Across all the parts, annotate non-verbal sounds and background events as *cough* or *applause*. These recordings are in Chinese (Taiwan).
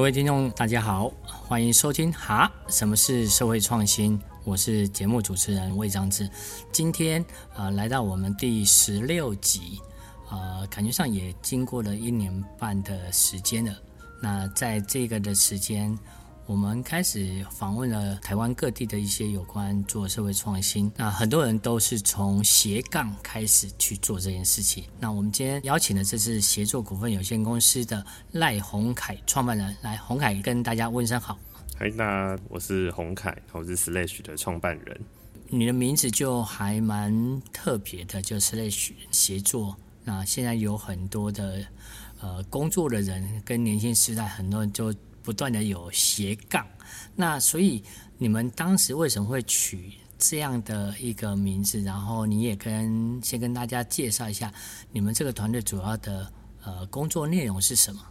各位聽眾，大家好，歡迎收聽《哈，什麼是社會創新？》我是節目主持人魏章志，今天啊、呃，來到我們第十六集，啊、呃，感覺上也經過了一年半的時間了。那在這個的時間。我們開始訪問了台灣各地的一些有關做社會創新，那很多人都是從斜槓開始去做這件事情。那我們今天邀請了這是協作股份有限公司的賴泓凱創辦人，來泓凱跟大家問聲好。嗨啦，那我是泓凱，我是 Slash 的創辦人。你的名字就還蠻特別的，就是 Slash 協作。那現在有很多的呃工作的人跟年輕世代，很多人就。不斷的有斜槓，那所以你們當時為什麼會取這樣的一個名字？然後你也跟先跟大家介紹一下你們這個團隊主要的呃工作內容是什麼？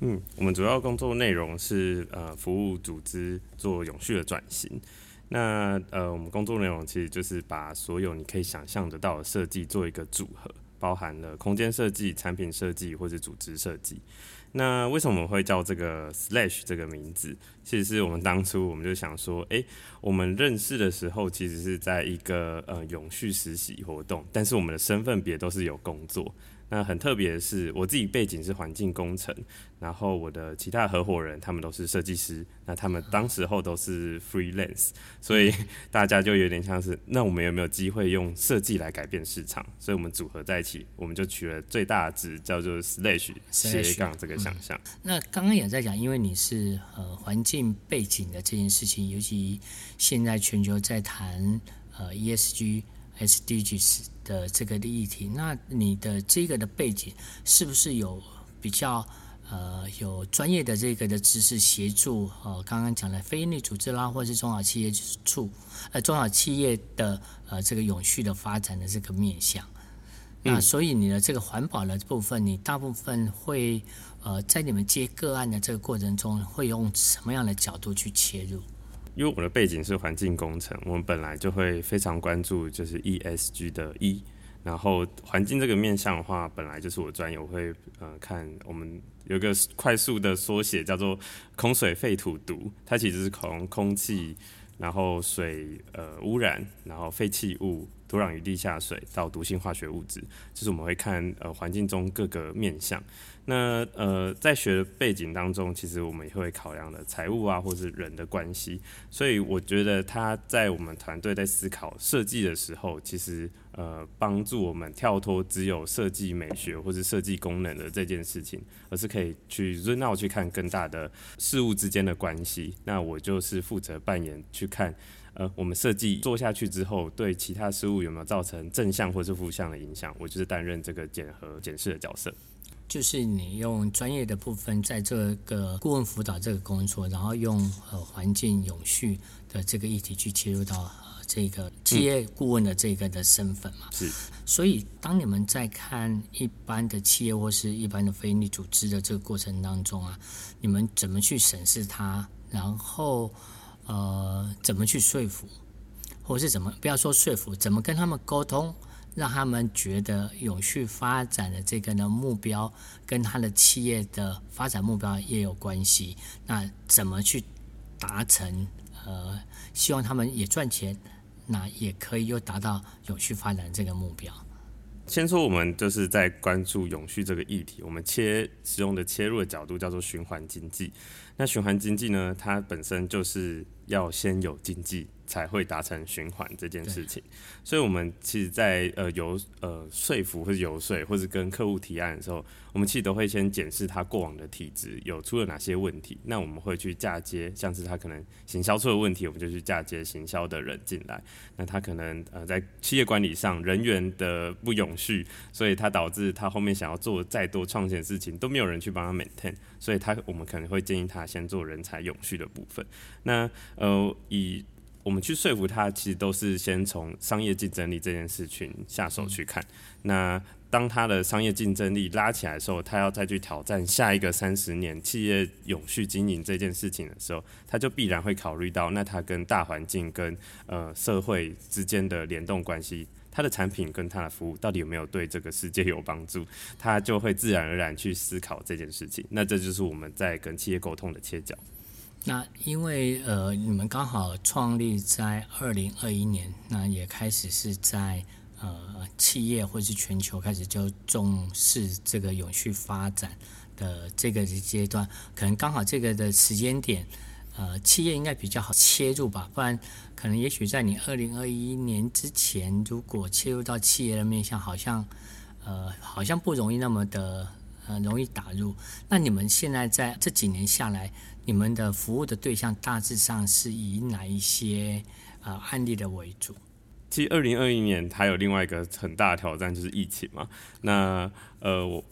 嗯，我們主要工作內容是呃服務組織做永續的轉型。那呃我們工作內容其實就是把所有你可以想象得到的設計做一個組合，包含了空間設計、產品設計或者是組織設計。那為什麼我們會叫這個 Slash 這個名字？其實是我們當初我們就想說，哎、欸，我們認識的時候其實是在一個呃永續實習活動，但是我們的身份別都是有工作。那很特別的是，我自己背景是環境工程，然後我的其他合夥人他們都是設計師，那他們當時候都是 freelance，、嗯、所以大家就有點像是，那我們有沒有機會用設計來改變市場？所以我們組合在一起，我們就取了最大的值，叫做 slash 斜槓這個想象，嗯。那剛剛也在講，因為你是呃環境背景的這件事情，尤其現在全球在談呃 ESG。SDGs 的這個議題，那你的這個的背景是不是有比較呃，有專業的這個的知識協助？呃，剛剛講的非營利組織啦，或是中小企業處，呃，中小企業的呃這個永續的發展的這個面向。嗯。那所以你的這個環保的部分，你大部分會呃在你們接個案的這個過程中，會用什麼樣的角度去切入？因為我的背景是環境工程，我們本來就會非常關注，就是 ESG 的 E，然後環境這個面向的話，本來就是我專業，我會，呃，看我們有個快速的縮寫叫做“空水廢土毒”，它其實是從空氣，然後水，呃，污染，然後廢棄物。土壤與地下水到毒性化學物質，就是我們會看呃環境中各個面向。那呃在學的背景當中，其實我們也會考量的財務啊，或是人的關係。所以我覺得他在我們團隊在思考設計的時候，其實呃幫助我們跳脫只有設計美學或是設計功能的這件事情，而是可以去 run out 去看更大的事物之間的關係。那我就是負責扮演去看。呃，我們設計做下去之後，對其他事物有沒有造成正向或者是負向的影響？我就是擔任這個檢核、檢視的角色，就是你用專業的部分在這個顧問輔導這個工作，然後用呃環境永續的這個議題去切入到、呃、這個企業顧問的這個的身份嘛。是、嗯，所以當你們在看一般的企業或是一般的非營利組織的這個過程當中啊，你們怎麼去審視它，然後？呃，怎麼去說服，或者是怎麼不要說說服，怎麼跟他們溝通，讓他們覺得永續發展的這個呢目標跟他的企業的發展目標也有關係。那怎麼去達成？呃，希望他們也賺錢，那也可以又達到永續發展這個目標。先說我們就是在關注永續這個議題，我們切使用的切入的角度叫做循環經濟。那循環經濟呢，它本身就是。要先有經濟才會達成循環這件事情，所以，我們其實在呃遊呃說服或是遊說或是跟客戶提案的時候，我們其實都會先檢視他過往的體質有出了哪些問題。那我們會去嫁接，像是他可能行銷出了問題，我們就去嫁接行銷的人進來。那他可能呃在企業管理上人員的不永續，所以他導致他後面想要做再多創新的事情都沒有人去幫他 maintain。所以他，他我們可能會建議他先做人才永續的部分。那呃，以我們去說服他，其實都是先從商業競爭力這件事情下手去看。嗯、那當他的商業競爭力拉起來的時候，他要再去挑戰下一個三十年企業永續經營這件事情的時候，他就必然會考慮到，那他跟大環境跟呃社會之間的聯動關係，他的產品跟他的服務到底有沒有對這個世界有幫助，他就會自然而然去思考這件事情。那這就是我們在跟企業溝通的切角。那因為呃，你們剛好創立在二零二一年，那也開始是在呃企業或是全球開始就重視這個永續發展的這個階段，可能剛好這個的時間點，呃，企業應該比較好切入吧，不然可能也許在你二零二一年之前，如果切入到企業的面向，好像呃好像不容易那麼的。很容易打入。那你們現在在這幾年下來，你們的服務的對象大致上是以哪一些呃案例的為主？其實二零二一年還有另外一個很大的挑戰，就是疫情嘛。那呃我。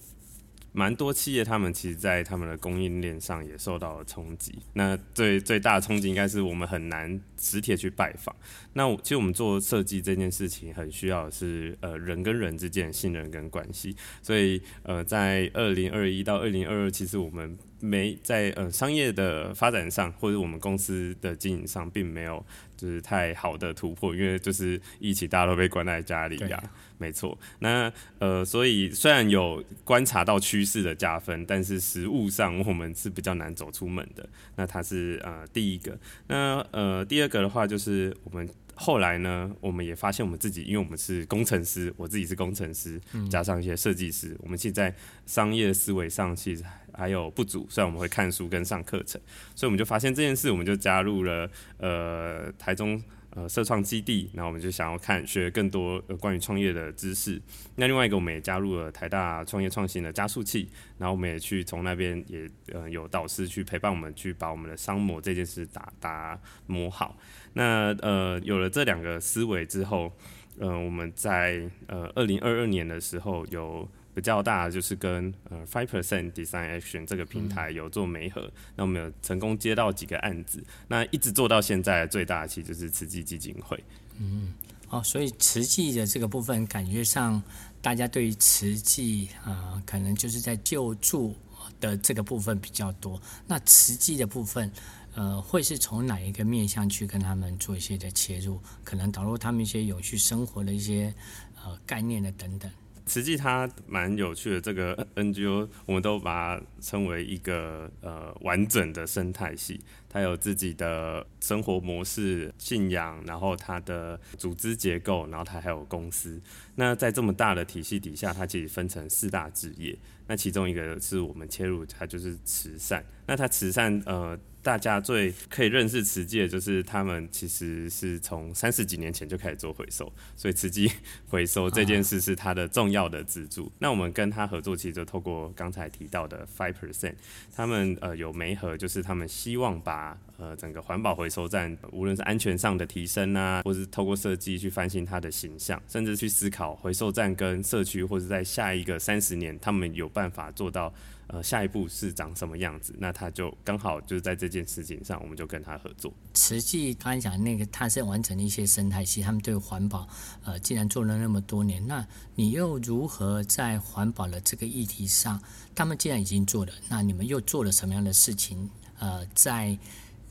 蠻多企業，他們其實，在他們的供應鏈上也受到了衝擊。那最最大的衝擊，應該是我們很難實體去拜訪。那其實我們做設計這件事情，很需要的是呃人跟人之間的信任跟關係。所以呃，在二零二一到二零二二，其實我們沒在呃商業的發展上，或者我們公司的經營上，並沒有。就是太好的突破，因為就是疫情大家都被關在家裡呀、啊，沒錯。那呃，所以雖然有觀察到趨勢的加分，但是實務上我們是比較難走出門的。那它是呃第一個，那呃第二個的話就是我們。後來呢，我們也發現我們自己，因為我們是工程師，我自己是工程師，加上一些設計師，嗯，我們其實，在商業思維上其實還有不足。雖然我們會看書跟上課程，所以我們就發現這件事，我們就加入了呃台中。呃，社創基地，那我們就想要看學更多呃關於創業的知識。那另外一個我們也加入了台大創業創新的加速器，然後我們也去從那邊也呃有導師去陪伴我們去把我們的商模這件事打打磨好。那呃有了這兩個思維之後，嗯，呃，我們在呃二零二二年的時候有。比較大的就是跟呃 Five Percent Design Action 這個平台有做媒合，嗯，那我們有成功接到幾個案子，那一直做到現在最大的其實就是慈濟基金會。嗯，哦，所以慈濟的這個部分，感覺上大家對於慈濟啊，呃，可能就是在救助的這個部分比較多。那慈濟的部分，呃，會是從哪一個面向去跟他們做一些的切入？可能導入他們一些永續生活的一些呃概念的等等。慈濟它蠻有趣的，這個 NGO 我們都把它稱為一個呃完整的生態系，它有自己的生活模式、信仰，然後它的組織結構，然後它還有公司。那在這麼大的體系底下，它其實分成四大志業，那其中一個是我們切入，它就是慈善。那它慈善呃。大家最可以認識慈濟，就是他們其實是從三十幾年前就開始做回收，所以慈濟回收這件事是他的重要的支柱啊。那我們跟他合作，其實就透過剛才提到的 Five Percent，他們呃有媒合，就是他們希望把呃整個環保回收站，無論是安全上的提升啊，或是透過設計去翻新它的形象，甚至去思考回收站跟社區，或者在下一個三十年，他們有辦法做到，呃，下一步是長什麼樣子？那他就剛好就是在這件事情上，我們就跟他合作。慈濟剛才講那個，他是完成一些生態系，他們對環保，呃，既然做了那麼多年，那你又如何在環保的這個議題上？他們既然已經做了，那你們又做了什麼樣的事情？呃，在。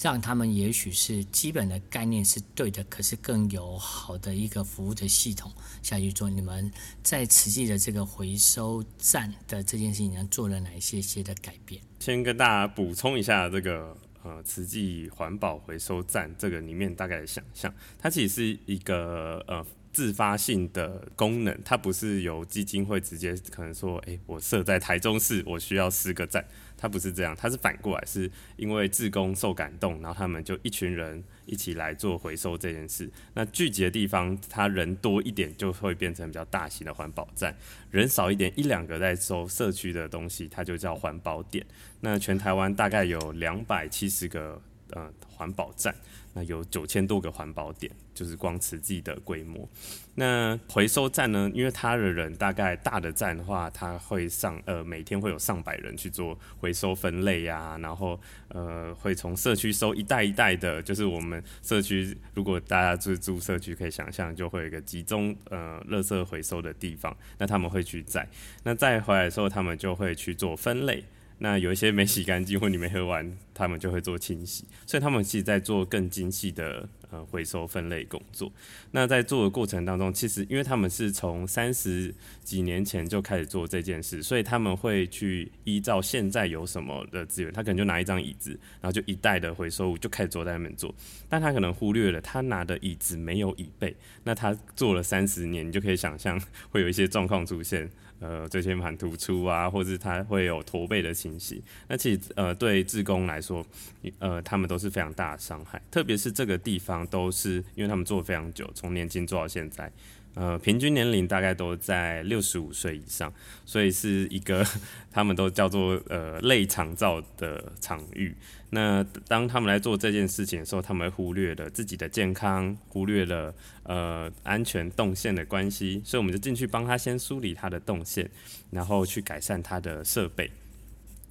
讓他們也許是基本的概念是對的，可是更有好的一個服務的系統下去做。你們在慈濟的這個回收站的這件事情上做了哪一些些的改變？先跟大家補充一下這個呃慈濟環保回收站這個裡面大概的想象，它其實是一個呃自發性的功能，它不是由基金會直接可能說，誒、欸，我設在台中市，我需要四個站。他不是這樣，他是反過來，是因為志工受感動，然後他們就一群人一起來做回收這件事。那聚集的地方，他人多一點就會變成比較大型的環保站人少一點，一兩個在收社區的東西，它就叫環保點。那全台灣大概有兩百七十個呃環保站。那有九千多個環保點，就是光慈濟的規模。那回收站呢？因為它的人大概大的站的話，它會上呃每天會有上百人去做回收分類呀、啊。然後呃會從社區收一袋一袋的。就是我們社區如果大家住住社區可以想象，就會有一個集中呃垃圾回收的地方。那他們會去載，那再回來的時候，他們就會去做分類。那有一些沒洗乾淨或你沒喝完，他們就會做清洗，所以他們其實在做更精細的呃回收分類工作。那在做的過程當中，其實因為他們是從三十幾年前就開始做這件事，所以他們會去依照現在有什麼的資源，他可能就拿一張椅子，然後就一袋的回收物就開始坐在那邊做。但他可能忽略了他拿的椅子沒有椅背，那他做了三十年，你就可以想象會有一些狀況出現。呃，椎間盤突出啊，或是他會有駝背的情形，那其實呃，對志工來說，呃，他們都是非常大的傷害，特別是這個地方都是因為他們做非常久，從年輕做到現在。呃，平均年齡大概都在六十五歲以上，所以是一個他們都叫做呃類長照的場域。那當他們來做這件事情的時候，他們忽略了自己的健康，忽略了呃安全動線的關係，所以我們就進去幫他先梳理他的動線，然後去改善他的設備。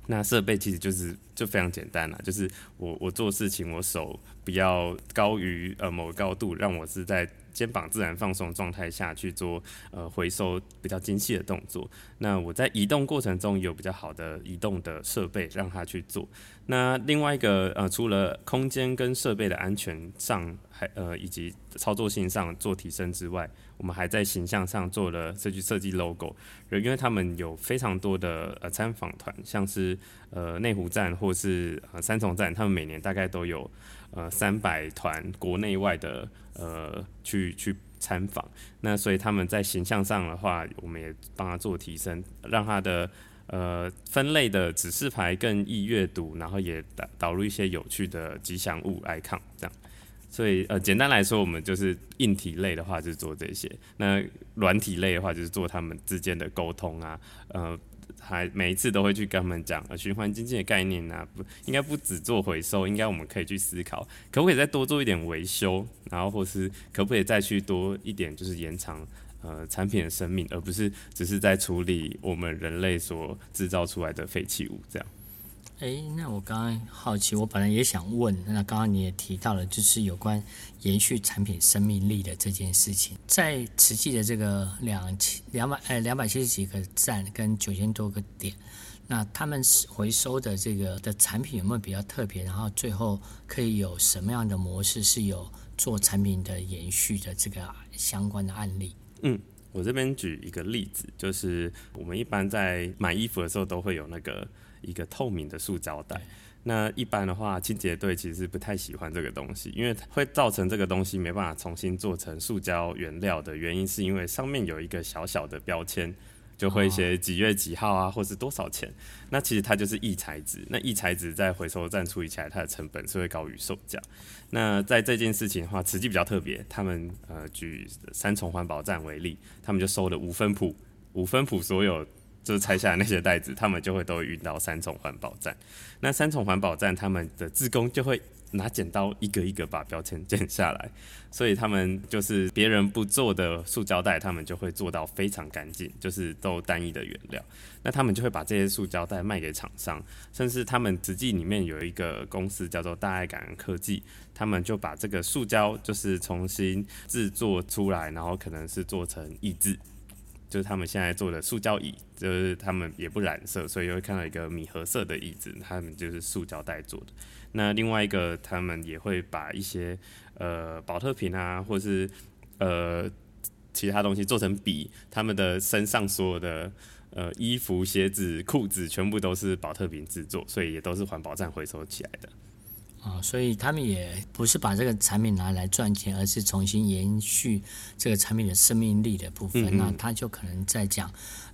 那設備其實就是就非常簡單了，就是我我做事情我手不要高於呃某個高度，讓我是在肩膀自然放鬆狀態下去做呃回收比較精細的動作。那我在移動過程中有比較好的移動的設備讓它去做。那另外一個呃除了空間跟設備的安全上。呃，以及操作性上做提升之外，我們還在形象上做了設計，設計 logo，因為他們有非常多的呃參訪團，像是呃內湖站或是呃三重站，他們每年大概都有呃三百團國內外的呃去去參訪，那所以他們在形象上的話，我們也幫他做提升，讓他的呃分類的指示牌更易閱讀，然後也導導入一些有趣的吉祥物 icon 這樣。所以，呃，簡單來說，我們就是硬體類的話就是做這些，那軟體類的話就是做他們之間的溝通啊，呃，還每一次都會去跟他們講，呃，循環經濟的概念啊，不，應該不只做回收，應該我們可以去思考，可不可以再多做一點維修，然後或是可不可以再去多一點就是延長呃產品的生命，而不是只是在處理我們人類所制造出來的廢棄物這樣。誒，那我剛剛好奇，我本來也想問，那剛剛你也提到了，就是有關延續產品生命力的這件事情，在實際的這個兩千兩百呃兩百七十幾個站跟九千多個點，那他們回收的這個的產品有沒有比較特別？然後最後可以有什麼樣的模式是有做產品的延續的這個相關的案例？嗯，我這邊舉一個例子，就是我們一般在買衣服的時候都會有那個。一個透明的塑膠袋，那一般的話，清潔隊其實是不太喜歡這個東西，因為會造成這個東西沒辦法重新做成塑膠原料的原因，是因為上面有一個小小的標籤，就會寫幾月幾號啊、哦，或是多少錢。那其實它就是異材質，那異材質在回收站處理起來，它的成本是會高於售價。那在這件事情的話，慈濟比較特別，他們呃舉三重環保站為例，他們就收了五分埔，五分埔所有。.就是拆下來那些袋子，他們就會都運到三重環保站。那三重環保站他們的志工就會拿剪刀一個一個，一個把標籤剪下來，所以他們就是別人不做的塑膠袋，他們就會做到非常乾淨，就是都單一的原料。那他們就會把這些塑膠袋賣給廠商，甚至他們直系裡面有一個公司叫做大愛感恩科技，他們就把這個塑膠就是重新製作出來，然後可能是做成益智，就是他們現在做的塑膠椅，就是他們也不染色，所以會看到一個米褐色的椅子，他們就是塑膠袋做的。那另外一個，他們也會把一些呃寶特瓶啊，或是呃其他東西做成筆。他們的身上所有的呃衣服、鞋子、褲子，全部都是寶特瓶製作，所以也都是環保站回收起來的。啊、哦，所以他們也不是把這個產品拿來賺錢，而是重新延續這個產品的生命力的部分。嗯嗯那他就可能在講，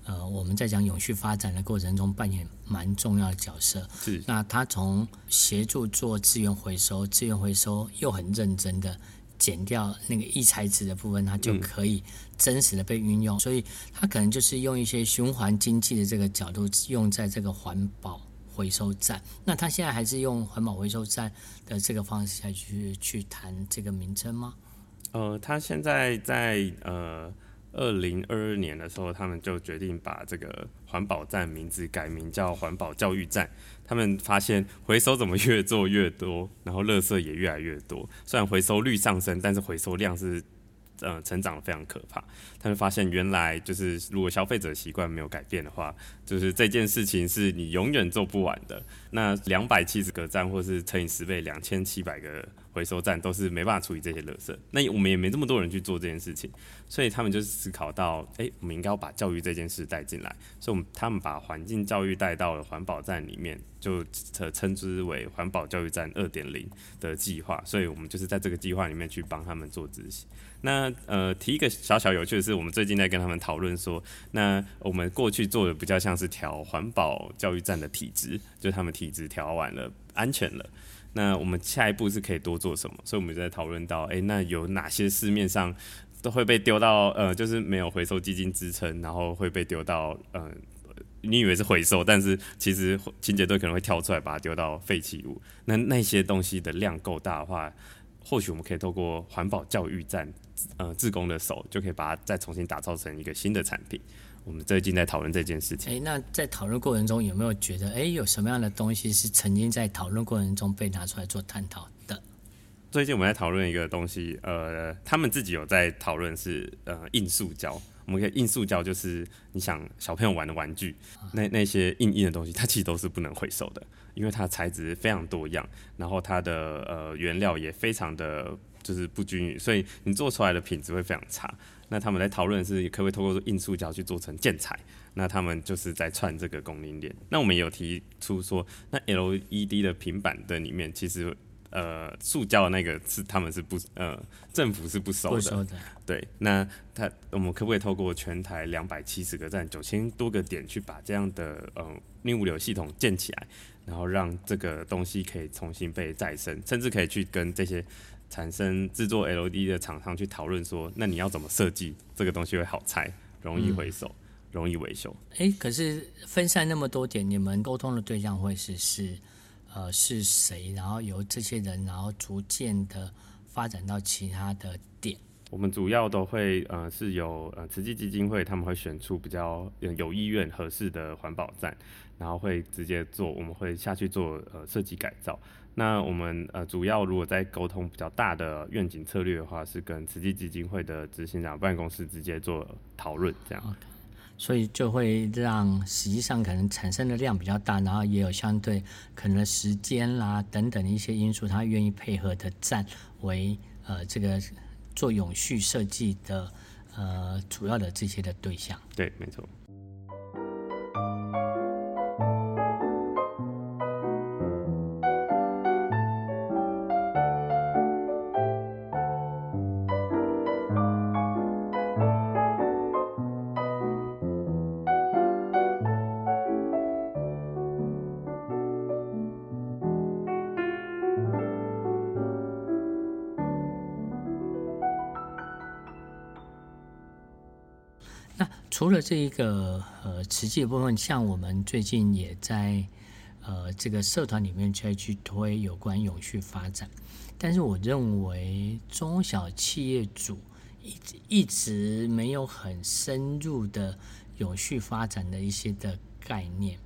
呃，我們在講永續發展的過程中扮演蠻重要的角色。是。那他從協助做資源回收，資源回收又很認真的減掉那個異材質的部分，他就可以真實的被運用。嗯、所以，他可能就是用一些循環經濟的這個角度，用在這個環保。回收站，那他現在還是用環保回收站的這個方式去去談這個名稱嗎？呃，他現在在呃二零二二年的時候，他們就決定把這個環保站名字改名叫環保教育站。他們發現回收怎麼越做越多，然後垃圾也越來越多。雖然回收率上升，但是回收量是。嗯、呃，成長非常可怕。他們發現，原來就是如果消費者習慣沒有改變的話，就是這件事情是你永遠做不完的。那兩百七十個站，或是乘以十倍，兩千七百個。回收站都是沒辦法處理這些垃圾，那我們也沒這麼多人去做這件事情，所以他們就是思考到，哎、欸，我們應該要把教育這件事帶進來，所以我們他們把環境教育帶到了環保站裡面，就稱稱之為環保教育站二點零的計劃，所以我們就是在這個計劃裡面去幫他們做執行。那呃，提一個小小有趣的是，我們最近在跟他們討論說，那我們過去做的比較像是調環保教育站的體質，就他們體質調完了。安全了，那我們下一步是可以多做什麼？所以我們就在討論到，誒、欸，那有哪些市面上都會被丟到，呃，就是沒有回收基金支撐，然後會被丟到，呃，你以為是回收，但是其實清潔隊可能會跳出來把它丟到廢棄物。那那些東西的量夠大的話，或許我們可以透過環保教育站，呃，志工的手就可以把它再重新打造成一個新的產品。我們最近在討論這件事情。誒、欸，那在討論過程中有沒有覺得，誒、欸，有什麼樣的東西是曾經在討論過程中被拿出來做探討的？最近我們在討論一個東西，呃，他們自己有在討論是呃硬塑膠。我們看硬塑膠就是你想小朋友玩的玩具，啊、那那些硬硬的東西，它其實都是不能回收的，因為它的材質非常多樣，然後它的呃原料也非常的就是不均勻，所以你做出來的品質會非常差。那他們在討論是可不可以透過硬塑膠去做成建材？那他們就是在串這個供應鏈。那我們有提出說，那 L E D 的平板燈裡面，其實呃塑膠的那個是他們是不呃政府是不收的。對，那他我們可不可以透過全台兩百七十個站九千多個點去把這樣的呃逆物流系統建起來，然後讓這個東西可以重新被再生，甚至可以去跟這些。產生製作 LED 的廠商去討論說，那你要怎麼設計這個東西會好拆、容易回收、嗯、容易維修、欸？可是分散那麼多點，你們溝通的對象會是是呃是誰？然後由這些人，然後逐漸的發展到其他的點。我們主要都會呃是由呃慈濟基金會，他們會選出比較有意願、合適的環保站，然後會直接做，我們會下去做呃設計改造。那我們呃，主要如果在溝通比較大的願景策略的話，是跟慈濟基金會的執行長辦公室直接做討論，這樣，Okay. 所以就會讓實際上可能產生的量比較大，然後也有相對可能時間啦等等的一些因素，他願意配合的站為呃這個做永續設計的呃主要的這些的對象。對，沒錯。這一個呃實際的部分，像我們最近也在呃這個社團裡面去推有關永續發展，但是我認為中小企業主一直一直沒有很深入的永續發展的一些的概念，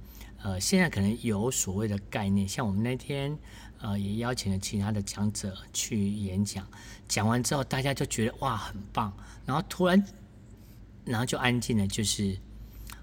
呃，現在可能有所謂的概念，像我們那天呃也邀請了其他的講者去演講，講完之後大家就覺得哇很棒，然後突然。然後就安靜了，就是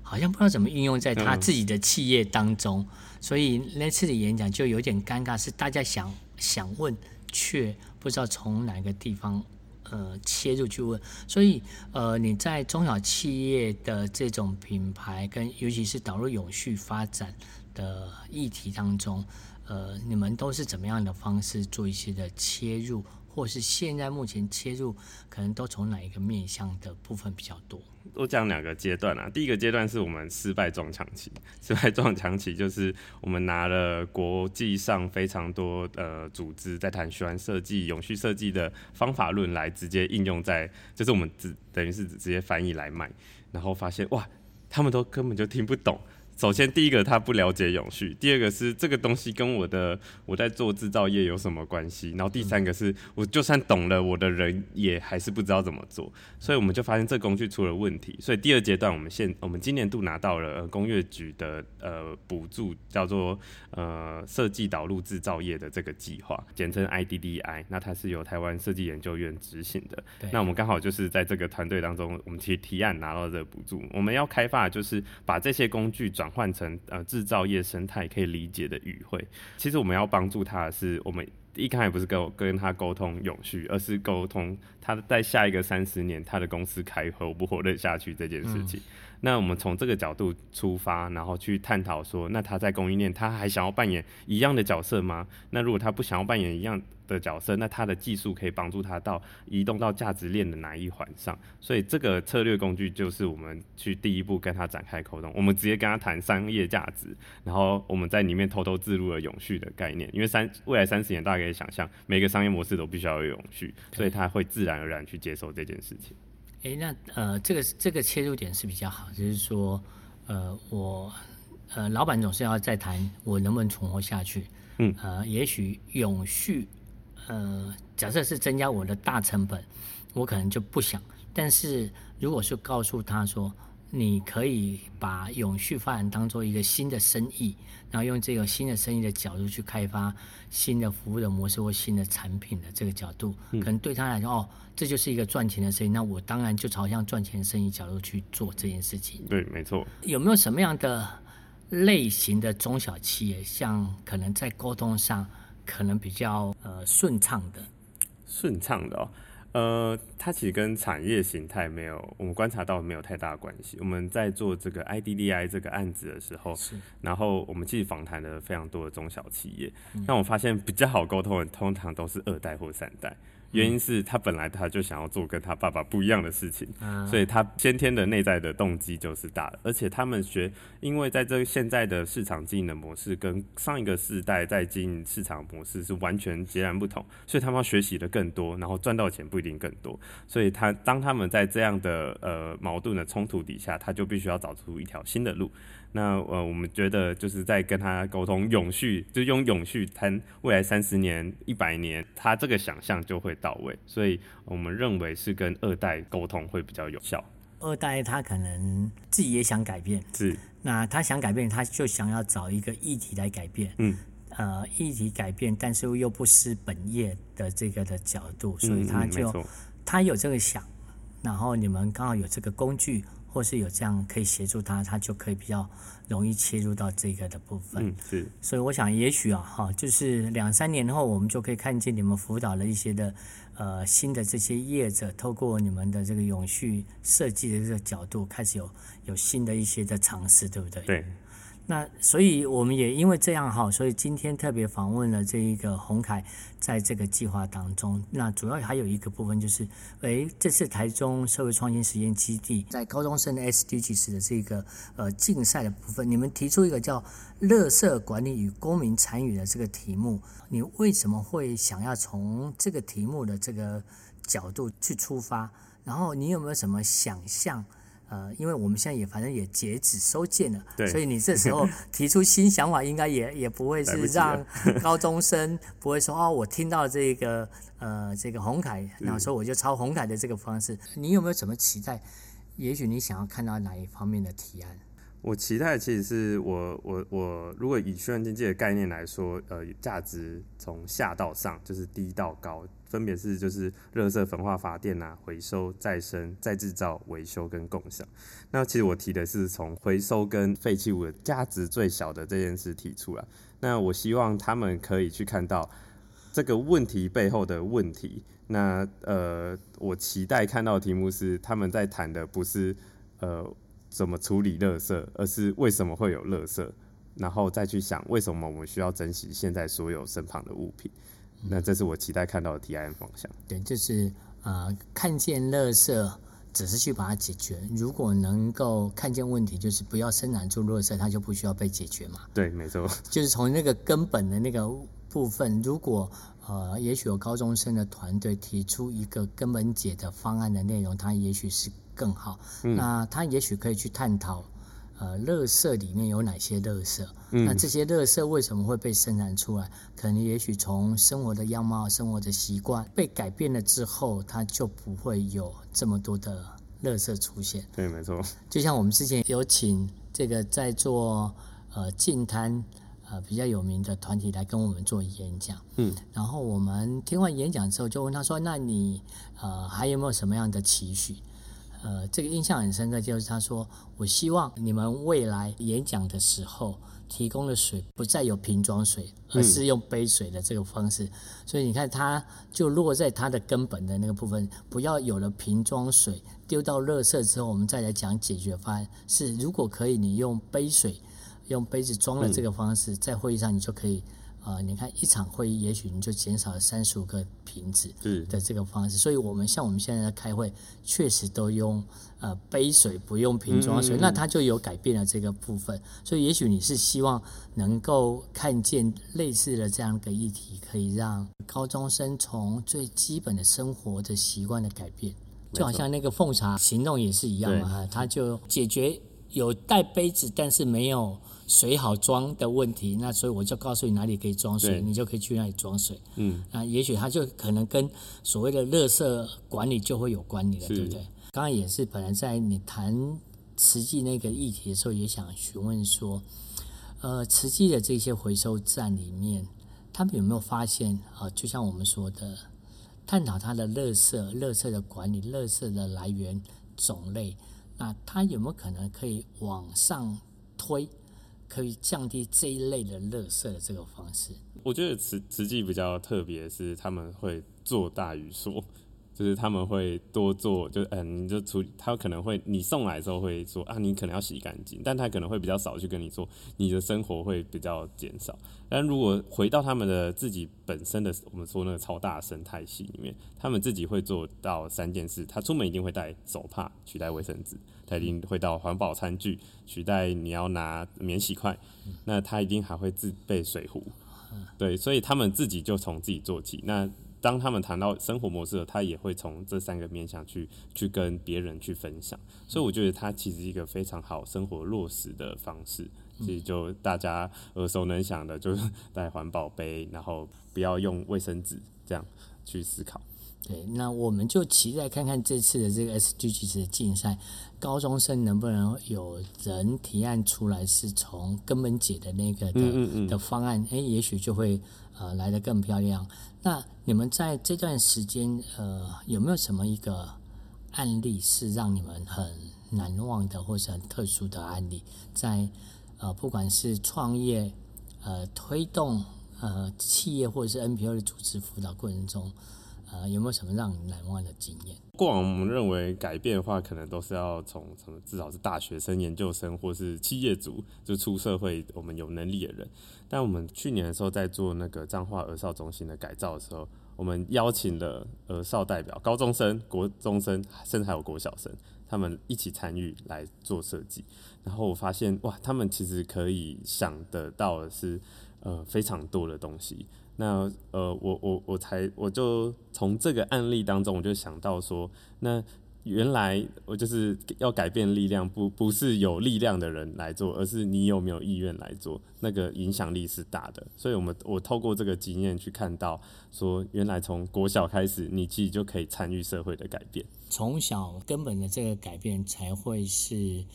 好像不知道怎麼運用在他自己的企業當中，嗯、所以那次的演講就有點尷尬，是大家想想問，卻不知道從哪個地方呃切入去問。所以呃，你在中小企業的這種品牌跟尤其是導入永續發展的議題當中，呃，你們都是怎麼樣的方式做一些的切入？或是現在目前切入，可能都從哪一個面向的部分比較多？我講兩個階段啊。第一個階段是我們失敗撞牆期，失敗撞牆期就是我們拿了國際上非常多的呃組織在談循環設計、永續設計的方法論來直接應用在，就是我們只等於是直接翻譯來賣，然後發現哇，他們都根本就聽不懂。首先，第一個他不了解永續；第二個是這個東西跟我的我在做製造業有什麼關係？然後第三個是我就算懂了，我的人也還是不知道怎麼做。所以我們就發現這工具出了問題。所以第二階段，我們現我們今年度拿到了呃工業局的呃補助，叫做呃設計導入製造業的這個計劃，簡稱 IDDI。那它是由台灣設計研究院執行的。那我們剛好就是在這個團隊當中，我們提提案拿到這個補助，我們要開發的就是把這些工具轉換成呃製造業生態可以理解的語彙，其實我們要幫助他的是，我們一開始不是跟跟他溝通永續，而是溝通他在下一個三十年他的公司開活不活得下去這件事情。嗯那我們從這個角度出發，然後去探討說，那他在供應鏈，他還想要扮演一樣的角色嗎？那如果他不想要扮演一樣的角色，那他的技術可以幫助他到移動到價值鏈的哪一環上？所以這個策略工具就是我們去第一步跟他展開溝通，我們直接跟他談商業價值，然後我們在裡面偷偷植入了永續的概念，因為三未來三十年大家可以想象，每個商業模式都必須要有永續，Okay. 所以他會自然而然去接受這件事情。哎，那呃，這個這個切入點是比較好，就是說，呃，我呃，老闆總是要再談我能不能存活下去，嗯，呃，也許永續，呃，假設是增加我的大成本，我可能就不想，但是如果是告訴他說。你可以把永續發展當做一個新的生意，然後用這個新的生意的角度去開發新的服務的模式或新的產品的這個角度，嗯，可能對他來說，哦，這就是一個賺錢的生意，那我當然就朝向賺錢的生意角度去做這件事情。對，沒錯。有沒有什麼樣的類型的中小企業，像可能在溝通上可能比較呃順暢的？順暢的哦。呃，它其實跟產業形態沒有，我們觀察到沒有太大關係。我們在做這個 IDDI 這個案子的時候，是，然後我們去訪談了非常多的中小企業，讓、嗯、我發現比較好溝通的通常都是二代或三代。原因是他本來他就想要做跟他爸爸不一樣的事情，嗯、所以他先天的內在的動機就是大。而且他們學，因為在這個現在的市場經營的模式跟上一個世代在經營市場模式是完全截然不同，所以他們要學習的更多，然後賺到錢不一定更多。所以他當他們在這樣的呃矛盾的衝突底下，他就必須要找出一條新的路。那呃，我們覺得就是在跟他溝通，永續就用永續談未來三十年、一百年，他這個想象就會到位。所以我們認為是跟二代溝通會比較有效。二代他可能自己也想改變，是。那他想改變，他就想要找一個議題來改變。嗯。呃，議題改變，但是又不失本業的這個的角度，所以他就，嗯嗯，他有這個想，然後你們剛好有這個工具。或是有這樣可以協助他，他就可以比較容易切入到這個的部分。嗯，是。所以我想，也許啊，哈,就是兩三年後，我們就可以看見你們輔導了一些的，呃，新的這些業者，透過你們的這個永續設計的這個角度，開始有有新的一些的嘗試，對不對？對。那所以我們也因為這樣哈，所以今天特別訪問了這一個泓凱，在這個計劃當中，那主要還有一個部分就是，哎，這次台中社會創新實驗基地在高中生的 SDGs 的這個呃競賽的部分，你們提出一個叫“垃圾管理與公民參與”的這個題目，你為什麼會想要從這個題目的這個角度去出發？然後你有沒有什麼想象？呃，因為我們現在也反正也截止收件了，對，所以你這時候提出新想法，應該也 *laughs* 也不會是讓高中生不會說不、啊、 *laughs* 哦，我聽到這個呃這個泓凱，然後說我就抄泓凱的這個方式。你有沒有什麼期待？也許你想要看到哪一方面的提案？我期待的其實是我我我如果以循環經濟的概念來說，呃，價值從下到上就是低到高，分別是就是垃圾焚化發電啊、回收、再生、再製造、維修跟共享。那其實我提的是從回收跟廢棄物的價值最小的這件事提出來。那我希望他們可以去看到這個問題背後的問題。那呃，我期待看到的題目是他們在談的不是呃。怎麼處理垃圾，而是為什麼會有垃圾，然後再去想為什麼我們需要珍惜現在所有身旁的物品。那這是我期待看到的提案方向。對，就是啊、呃，看見垃圾只是去把它解決。如果能夠看見問題，就是不要生產出垃圾，它就不需要被解決嘛。對，沒錯。就是從那個根本的那個。部分，如果呃，也許有高中生的團隊提出一個根本解的方案的內容，它也許是更好。嗯、那它也許可以去探討，呃，垃圾裡面有哪些垃圾，嗯？那這些垃圾為什麼會被生產出來？可能也許從生活的樣貌、生活的習慣被改變了之後，它就不會有這麼多的垃圾出現。對，沒錯。就像我們之前有請這個在做呃淨灘。呃，比較有名的團體來跟我們做演講，嗯，然後我們聽完演講之後，就問他說：“那你呃還有沒有什麼樣的期許？”呃，這個印象很深刻，就是他說：“我希望你們未來演講的時候，提供的水不再有瓶裝水，而是用杯水的這個方式、嗯。”所以你看，他就落在他的根本的那個部分，不要有了瓶裝水丟到垃圾之後，我們再來講解決方案。是如果可以，你用杯水。用杯子裝了這個方式，嗯，在會議上你就可以啊，呃，你看一場會議，也許你就減少了三十五個瓶子的這個方式。所以，我們像我們現在在開會，確實都用呃杯水，不用瓶裝水，嗯，那它就有改變了這個部分。嗯，所以，也許你是希望能夠看見類似的這樣的議題，可以讓高中生從最基本的生活的習慣的改變，就好像那個奉茶行動也是一樣啊，它就解決。有帶杯子，但是沒有水好裝的問題，那所以我就告訴你哪裡可以裝水，你就可以去那裡裝水。嗯，那也許它就可能跟所謂的垃圾管理就會有關聯的對不對？剛剛也是，本來在你談慈濟那個議題的時候，也想詢問說，呃，慈濟的這些回收站裡面，他們有沒有發現啊？就像我們說的，探討它的垃圾、垃圾的管理、垃圾的來源種類。那他有沒有可能可以往上推，可以降低這一類的垃圾的這個方式？我覺得慈慈濟比較特別，是他們會做大於說。就是他們會多做，就是嗯、哎，你就處理。他可能會你送來的時候會說啊，你可能要洗乾淨，但他可能會比較少去跟你說，你的生活會比較減少。但如果回到他們的自己本身的，我們說那個超大生態系裡面，他們自己會做到三件事：他出門一定會帶手帕取代衛生紙，他一定會到環保餐具取代你要拿免洗筷，那他一定還會自備水壺。對，所以他們自己就從自己做起。那。當他們談到生活模式的，他也會從這三個面向去去跟別人去分享，所以我覺得他其實是一個非常好生活落實的方式。所以就大家耳熟能詳的，就是帶環保杯，然後不要用衛生紙這樣去思考。對，那我們就期待看看這次的這個 SDGs 的競賽，高中生能不能有人提案出來，是從根本解的那個的，嗯嗯嗯的方案誒？也許就會呃來得更漂亮。那你們在這段時間呃有沒有什麼一個案例是讓你們很難忘的或者很特殊的案例？在呃不管是創業呃推動呃企業或者是 N P O 的組織輔導過程中。啊，有沒有什麼讓你難忘的經驗？過往我們認為改變的話，可能都是要從什麼，至少是大學生、研究生，或是企業主，就出社會，我們有能力的人。但我們去年的時候在做那個彰化兒少中心的改造的時候，我們邀請了兒少代表、高中生、國中生，甚至還有國小生，他們一起參與來做設計。然後我發現，哇，他們其實可以想得到的是，呃，非常多的東西。那呃，我我我才我就從這個案例當中，我就想到說，那原來我就是要改變力量，不不是有力量的人來做，而是你有沒有意願來做，那個影響力是大的。所以我們我透過這個經驗去看到，說原來從國小開始，你自己就可以參與社會的改變，從小根本的這個改變才會是。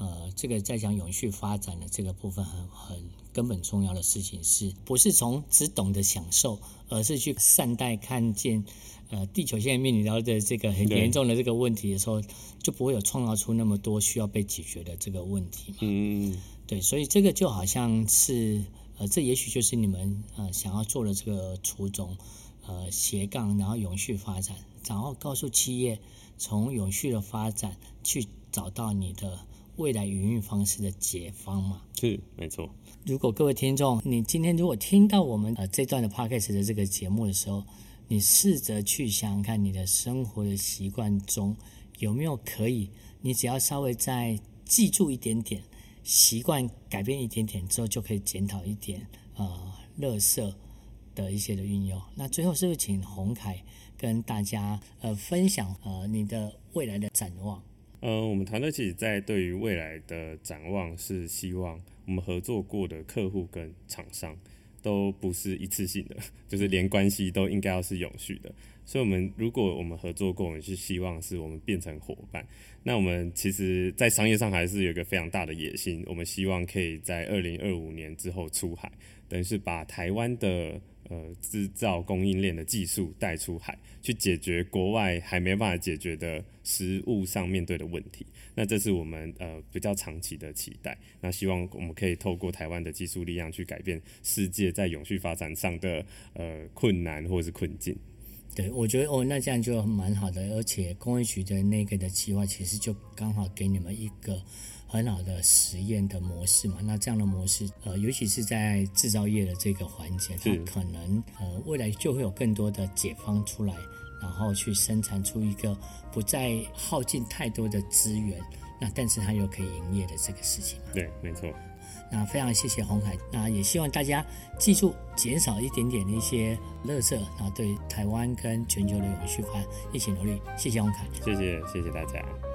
呃，這個在講永續發展的這個部分很，很很根本重要的事情是，不是從只懂得享受，而是去善待，看見，呃，地球現在面臨到的這個很嚴重的這個問題的時候，就不會有創造出那麼多需要被解決的這個問題嘛。嗯，對，所以這個就好像是，呃，這也許就是你們呃想要做的這個初衷，呃，斜槓，然後永續發展，然後告訴企業，從永續的發展去找到你的。未來營運、運方式的解方嘛？是沒錯。如果各位聽眾，你今天如果聽到我們呃這段的 Podcast 的這個節目的時候，你試着去想想看、看，你的生活的習慣中有沒有可以，你只要稍微再記住一點點，習慣改變一點點之後，就可以檢討一點呃，垃圾的一些的運用。那最後是不是請泓凱跟大家呃分享呃你的未來的展望？呃，我們團隊其實在對於未來的展望是希望我們合作過的客戶跟廠商都不是一次性的，就是連關係都應該要是永續的。所以，我們如果我們合作過，我們是希望是我們變成伙伴。那我們其實，在商業上還是有一個非常大的野心，我們希望可以在二零二五年之後出海，等於是把台灣的。呃，製造供應鏈的技術帶出海，去解決國外還沒辦法解決的食物上面對的問題。那這是我們呃比較長期的期待。那希望我們可以透過台灣的技術力量，去改變世界在永續發展上的呃困難或是困境。對，我覺得哦，那這樣就蠻好的。而且公安局的那個的期望其實就剛好給你們一個。很好的實驗的模式嘛，那這樣的模式，呃，尤其是在製造業的這個環節，它可能呃未來就會有更多的解放出來，然後去生產出一個不再耗盡太多的資源，那但是它又可以營業的這個事情嘛。對，沒錯。那非常謝謝泓凱，那也希望大家記住減少一點點的一些垃圾，然後對台灣跟全球的永續發展一起努力。謝謝泓凱，謝謝，謝謝大家。